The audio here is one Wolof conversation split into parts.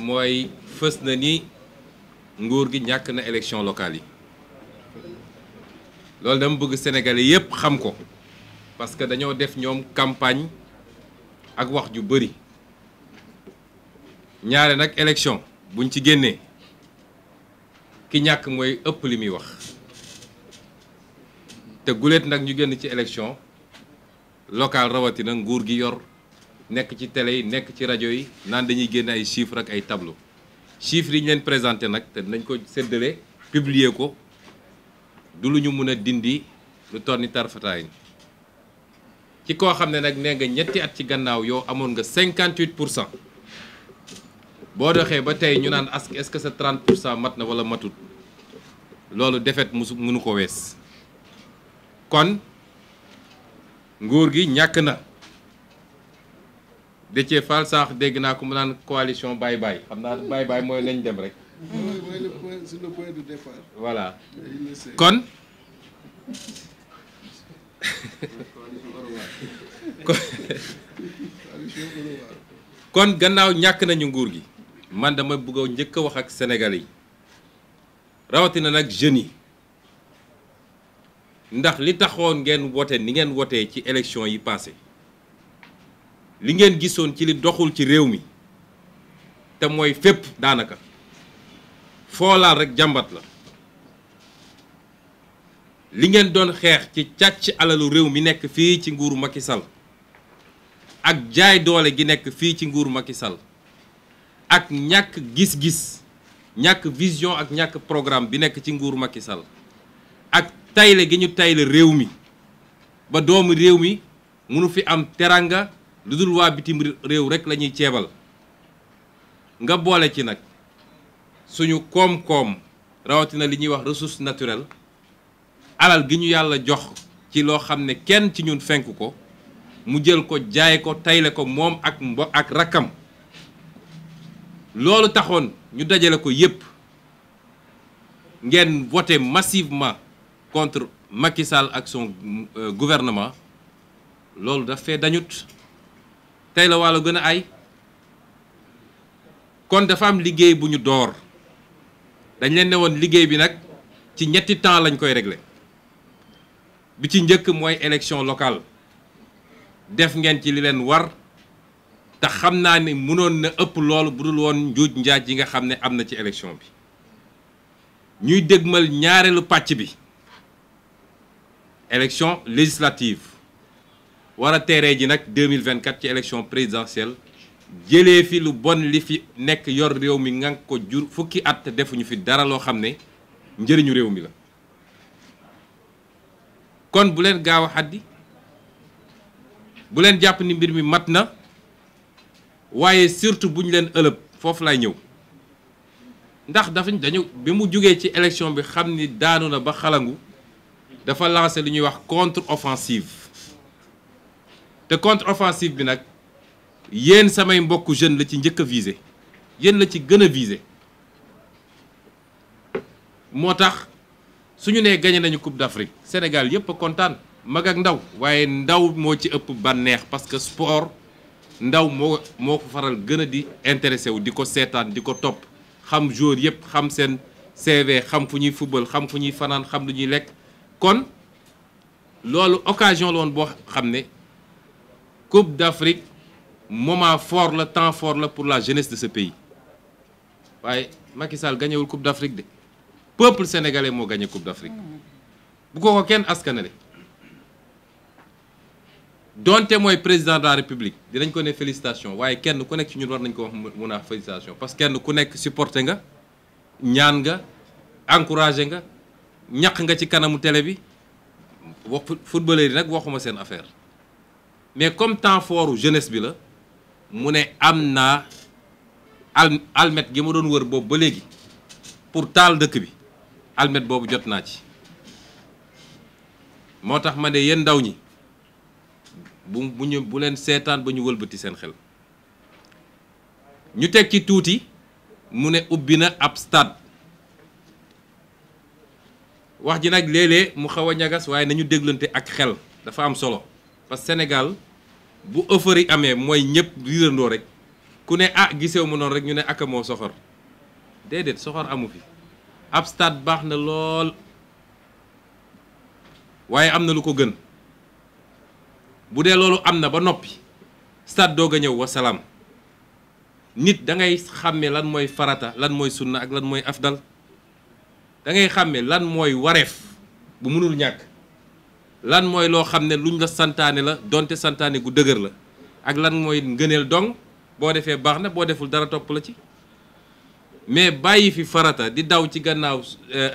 mooy fës na ni nguur gi ñàkk na élection locale yi loolu dama bëgg sénégalais yépp xam ko parce que dañoo def ñoom campagne ak wax ju bëri ñaare nag élection buñ ci génnee ki ñàkk mooy ëpp li muy wax te guléet nag ñu génn ci élection locale rawatina nguur gi yor nekk ci télé yi nekk ci rajo yi naan dañuy génn ay chiffres ak ay tableaux chifre yi ñu leen présenté nag te nañ ko séddale publier ko du lu ñu mun a dindi lu toll ni tarfataay ci koo xam ne nag nee nga ñetti at ci gannaaw yow amoon nga 58 pour cent boo doxee ba tey ñu naan ask est-ce que sa trente pour cent mat na wala matut loolu defet musu mënu ko wees kon nguur gi ñàkk na. Déthié Fall sànq dégg naa ko mu naan coalition baay Baye xam naa Baye baay mooy lañ dem rek. c'est voilà kon. kon gannaaw ñàkk nañu nguur gi man dama bëgg njëkk a wax ak Sénégalais yi rawatina nag jeunes yi ndax li taxoon ngeen wote ni ngeen wotee ci élection yi passé li ngeen gisoon ci li doxul ci réew mi te mooy fépp daanaka foolaal rek jàmbat la li ngeen doon xeex ci càcc alalu réew mi nekk fii ci nguuru Macky Sall ak jaay doole gi nekk fii ci nguur Macky Sall ak ñàkk gis-gis ñàkk vision ak ñàkk programme bi nekk ci nguuru Macky Sall ak tayle gi ñu tayle réew mi ba doomu réew mi mënu fi am teranga lu dul waa bitim réew rekk la ñuy ceebal nga boole ci nag suñu koom-koom rawatina li ñuy wax ressource naturelle alal gi ñu yàlla jox ci loo xam ne kenn ci ñun fenk ko mu jël ko jaay ko tayle ko moom ak mbo ak rakkam loolu taxoon ñu dajale ko yépp ngeen voté massivement contre Macky Sall ak son euh, gouvernement loolu daf dañut tey la waalo gën a ay kon dafa am liggéey bu ñu door dañ leen ne woon liggéey bi nag ci ñetti temps lañ koy regle bi ci njëkk mooy élection locale def ngeen ci li leen war te xam naa ni mënoon na ëpp loolu bu dul woon njuuj njaaj yi nga xam ne am na ci élection bi ñuy dégmal ñaareelu pàcc bi élection législative war a ji nag 2024 ci élection présidentielle jëlee fi lu bon li fi nekk yor réew mi nga ko jur fukki at defuñu fi dara loo xam ne njëriñu réew mi la kon buleen leen gaaw a xaddi bu leen jàpp ni mbir mi mat na waaye surtout bu leen ëlëb foofu lay ñëw ndax dafañ dañu bi mu jógee ci élection bi xam ni daanu na ba xalangu dafa lancé lu ñuy wax contre offensive te contre-offensive bi nag yéen samay mbokku jeune la ci njëkk a visé yéen la ci gën a visé moo tax suñu nee gagné nañu Coupe d'Afrique Sénégal yëpp a kontaan mag ak ndaw waaye ndaw moo ci ëpp bànneex parce que sport ndaw moo moo ko faral gën a di intéressé wu di ko seetaan di ko topp xam jour yëpp xam seen CV xam fu ñuy football xam fu ñuy fanaan xam lu ñuy lekk kon loolu occasion loon boo xam ne coupe d'Afrique moment fort la temps fort la pour la jeunesse de ce pays waaye Macky Sall gañewul coupe d'Afrique de peuple sénégalais moo gañe coupe d'Afrique bu ko ko kenn askanale donte mooy président de la république dinañ ko ne félicitation waaye kenn ku nekk ci ñun war nañ ko wax mun a félicitation parce que kenn ku nekk supporter nga ñaan nga encouragé nga ñaq nga ci kanamu tele bi wax footballeur yi nag waxuma seen affaire mais comme temps fooru jeunesse bi la mu ne am naa al almet gi ma doon wër boobu ba léegi pour taal dëkk bi almet boobu jot naa ci moo tax ma ne yéen ndaw ñi bu bu ñu bu seetaan ba ñu wëlbati seen xel ñu teg ci tuuti mu ne ubbi na ab stade wax ji nag léeg-léeg mu xaw a ñagas waaye nañu déglante ak xel dafa am solo parce que Sénégal bu euphorie amee mooy ñëpp riirandoo rek ku ne ah gisew mu noonu rek ñu ne ak moo soxor déedéet soxor amu fi ab stade baax na lool waaye am na lu ko gën bu dee loolu am na ba noppi stade doog a ñëw wa salaam nit da ngay xàmme lan mooy farata lan mooy sunna ak lan mooy afdal da ngay xàmme lan mooy wareef bu mënul ñàkk lan mooy loo xam ne lu luñ la santaane la donte santaane gu dëgër la ak lan mooy ngëneel dong boo defee baax na boo deful dara topp la ci mais bàyyi fi farata di daw ci gannaaw euh,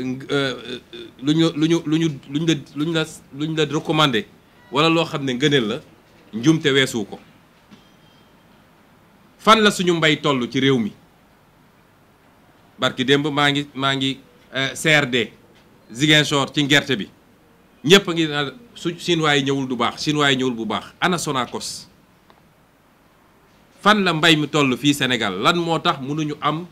euh, euh, lu ñu lu ñu lu ñu luñ la luñ la luñ la recommandé wala loo xam ne ngëneel la njuumte weesu ko fan la suñu mbay tollu ci réew mi barki démb maa ngi maa ngi CRD Ziguinchor ci ngerte bi ñëpp a ngi naan su Chinois yi ñëwul du baax Chinois yi ñëwul bu baax ana Sonacos fan la mbay mi toll fii Sénégal lan moo tax mënuñu am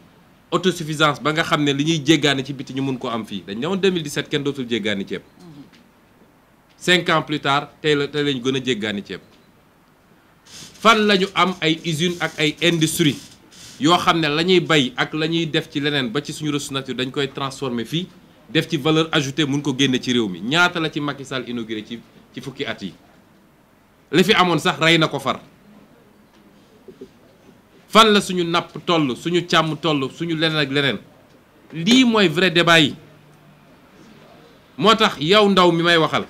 autosuffisance ba nga xam ne li ñuy jéggaani ci biti ñu mun ko am fii dañu ne woon 2017 kenn dootul jéggaani ceeb cinq ans tey la tey lañ gën a jéggaani ceeb fan lañu am ay usines ak ay industrie yoo xam ne la ñuy bay ak la ñuy def ci leneen ba ci suñu ressource naturelle dañ koy transformer fii def ci valeur ajoutée mun ko génne ci réew mi ñaata la ci Macky Sall inauguré ci ci fukki at yi li fi amoon sax rey na ko far fan la suñu napp toll suñu càmm toll suñu leneen ak leneen lii mooy vrai débat yi moo tax yow ndaw mi may waxal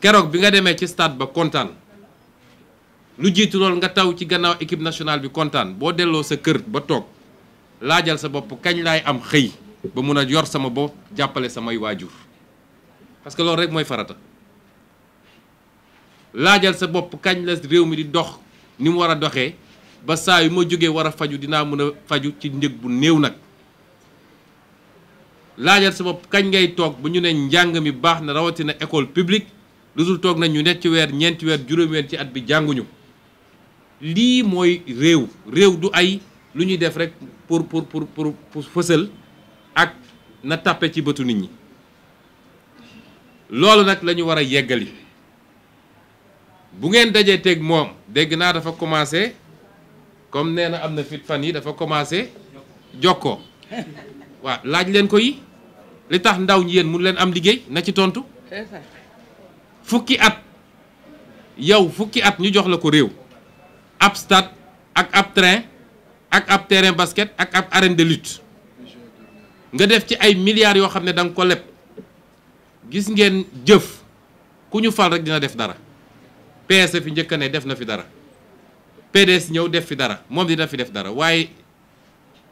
keroog bi nga demee ci stade ba kontaan lu jiitu lool nga taw ci gannaaw équipe nationale bi kontaan boo delloo sa kër ba toog laajal sa bopp kañ laay am xëy ba mun a yor sama bopp jàppale samay waajur parce que loolu rek mooy farata laajal sa bopp kañ la réew mi di dox ni mu war a doxee ba saa yu ma jógee war a faju dinaa mën a faju ci njëg bu néew nag laajal sa bopp kañ ngay toog ba ñu ne njàng mi baax na rawatina école publique lu dul toog nañ ñu nekk ci weer ñeenti weer juróomi weer ci at bi jànguñu lii mooy réew réew du ay lu ñuy def rek pour pour pour pour fësal ak na tàppe ci bëtu nit ñi loolu nag lañu ñu war a yeggali bu ngeen dajee teg moom dégg naa dafa commencé comme nee na am na fit fan yi dafa commencé ko waaw laaj leen ko yi li tax ndaw ñi yéen mun leen am liggéey na ci tontu fukki at yow fukki at ñu jox la ko réew ab stat ak ab train ak ab terrain basket ak ab arène de nga def ci ay milliards yoo xam ne da nga ko leb gis ngeen jëf ku ñu fal rek dina def dara PS fi njëkk ne def na fi dara PDS ñëw def fi dara moom dina fi def dara waaye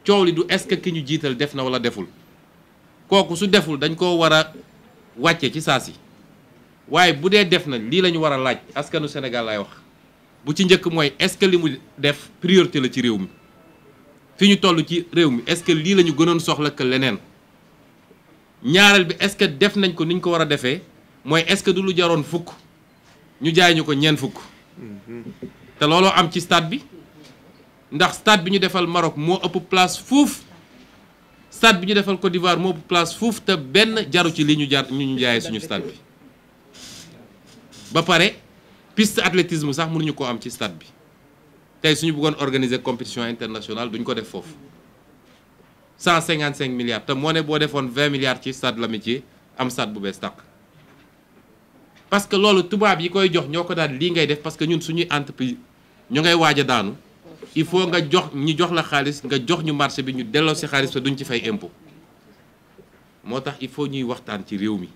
coow li du est-ce que ki ñu jiital def na walla deful kooku su deful dañ ko war a wàcce ci saa si waaye bu dee def na lii la ñu war a laaj askanu Sénégal laay wax bu ci njëkk mooy est-ce que li mu def priorité la ci réew mi fi ñu toll ci réew mi est-ce que lii la ñu gënoon soxla que leneen ñaareel bi est-ce que def nañ ko ni ko war a defee mooy est-ce que du lu jaroon fukk ñu jaay ñu ko ñeen fukk mm-hmm. te looloo am ci stade bi ndax stade bi ñu defal Maroc moo ëpp place fuuf stade bi ñu defal Côte d'Ivoire moo ëpp place fuuf te benn jaru ci li ñu jar ñu ñu suñu stade bi ba pare piste athlétisme sax munuñu koo am ci stade bi tey suñu buggoon organiser compétition internationale duñ ko def foofu cent 155 milliards te moo ne boo defoon 20 milliards ci stade ci am stade bu bees tàq parce que loolu tubaab yi koy jox ñoo ko daal lii ngay def parce que ñun suñuy entreprise ñu ngay waaj a daanu il faut nga jox ñu jox la xaalis nga jox ñu marché bi ñu delloo si xaalis te duñ ci fay impôt moo tax il faut ñuy waxtaan ci réew mi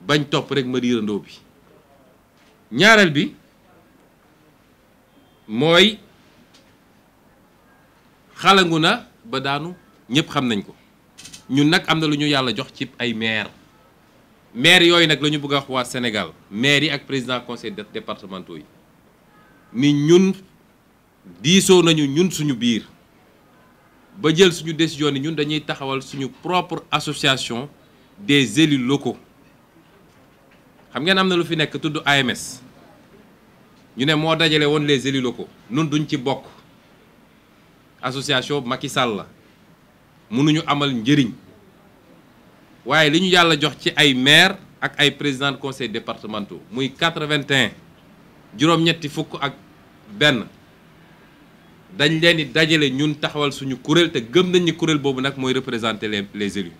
bañ topp rek ma riirandoo bi ñaareel bi mooy xalangu na ba daanu ñëpp xam nañ ko ñun nag am na lu ñu yàlla jox ci ay maire maire yooyu nag la ñu bëgg a wax waa Sénégal maire yi ak président conseil départementaux yi ni ñun diisoo nañu ñun suñu biir ba jël suñu décision ni ñun dañuy taxawal suñu propre association des élus locaux xam ngeen am na lu fi nekk tudd AMS ñu ne moo dajale woon les élus ko nun duñ ci bokk association Macky Sall la mënuñu amal njëriñ waaye li ñu yàlla jox ci ay maire ak ay président de conseil départementaux muy 81 juróom-ñetti fukk ak benn dañ leen di dajale ñun taxawal suñu kuréel te gëm nañ ni kuréel boobu nag mooy représenter les les élus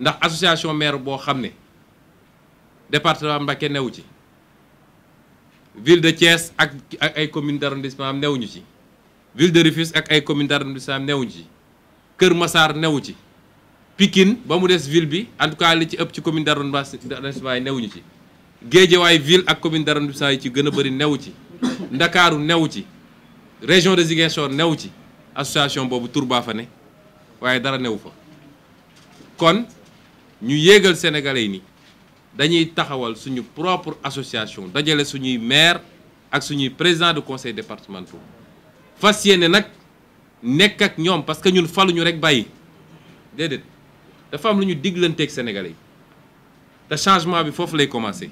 ndax association maire boo xam ne département Mbacké newu ci ville de Thiès ak ak ay commune d'arrondissement am ñu ci ville de Rufisque ak ay commune d'arrondissement am newuñu ci Kër Massar new ci Pikine ba mu des ville bi en li ci ëpp ci commune d'arrondissement yi newuñu ci Guédiawaye ville ak commune d'arrondissement yi ci gën a bëri newu ci Ndakaaru new ci région de Ziguinchor new ci association boobu tur fa ne waaye dara new fa kon ñu yéegal sénégalais yi dañuy taxawal suñu propre association dajale suñuy maire ak suñuy président de conseil départemental fas yéene nag nekk ak ñoom parce que ñun faluñu rek bàyyi déedéet dafa am lu ñu diglanteeg sénégalais yi te changement bi foofu lay commencé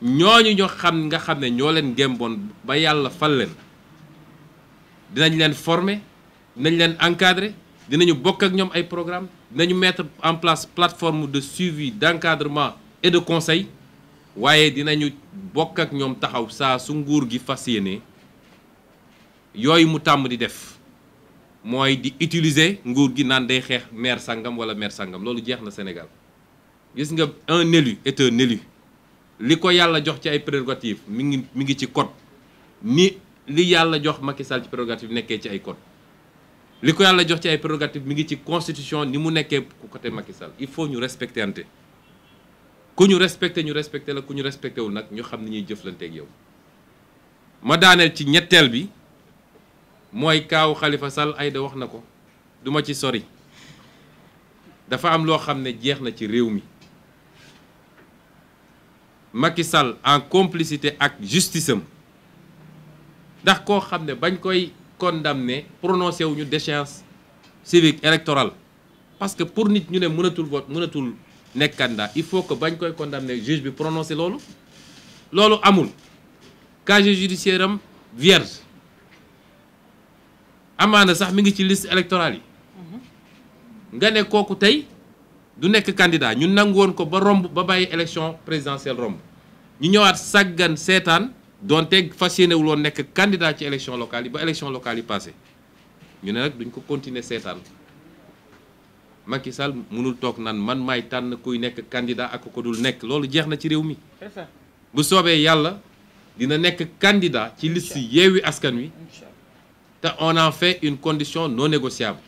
ñoo ñu ñoo xam nga xam ne ñoo leen gémboon ba yàlla fal leen dinañ leen former dinañ leen encadrer dinañu bokk ak ñoom ay programme dinañu mettre en place plateforme de suivi d'encadrement et de conseil waaye dinañu bokk ak ñoom taxaw saa su nguur gi fas yéene yooyu mu tàmm di def mooy di utiliser nguur gi naan day xeex maire sangam wala maire sangam loolu jeex na Sénégal gis nga un élu est un li ko yàlla jox ci ay prérogatives mi ngi mi ngi ci code ni li yàlla jox Macky Sall ci prérogative nekkee ci ay code li ko yàlla jox ci ay prérogatives mi ngi ci constitution ni mu nekkee côté Macky Sall il faut ñu respecter ku ñu respecté ñu respecté la ku ñu respecté wul nag ñu xam ni ñuy jëflanteeg yow ma daaneel ci ñetteel bi mooy kaawu xalifa Sall ayda wax na ko duma ci sori dafa am loo xam ne jeex na ci réew mi Macky Sall en complicité ak justice ndax koo xam ne bañ koy condamné prononcé wu ñu déchéance civique électorale parce que pour nit ñu ne mënatul vote mënatul nekk candidat il faut que bañ koy condamner juge bi prononcé loolu loolu amul casier judiciaire am vierge amaana sax mi ngi ci liste électorale yi mhm. nga ne kooku tey du nekk candidat ñu nangu woon ko ba romb ba bàyyi élection présidentielle romb ñu ñëwaat sàggan seetaan donte fas yéenewul woon nekk candidat ci élection locale yi ba élection locale yi passé ñu ne nag duñ ko continuer seetaan Macky Sall mënul toog naan man maay tànn kuy nekk candidat ak ko dul nekk loolu jeex na ci réew mi. bu soobee yàlla dina nekk candidat ci liste Yewwi Askan Wi. te on a fait une condition non négociable.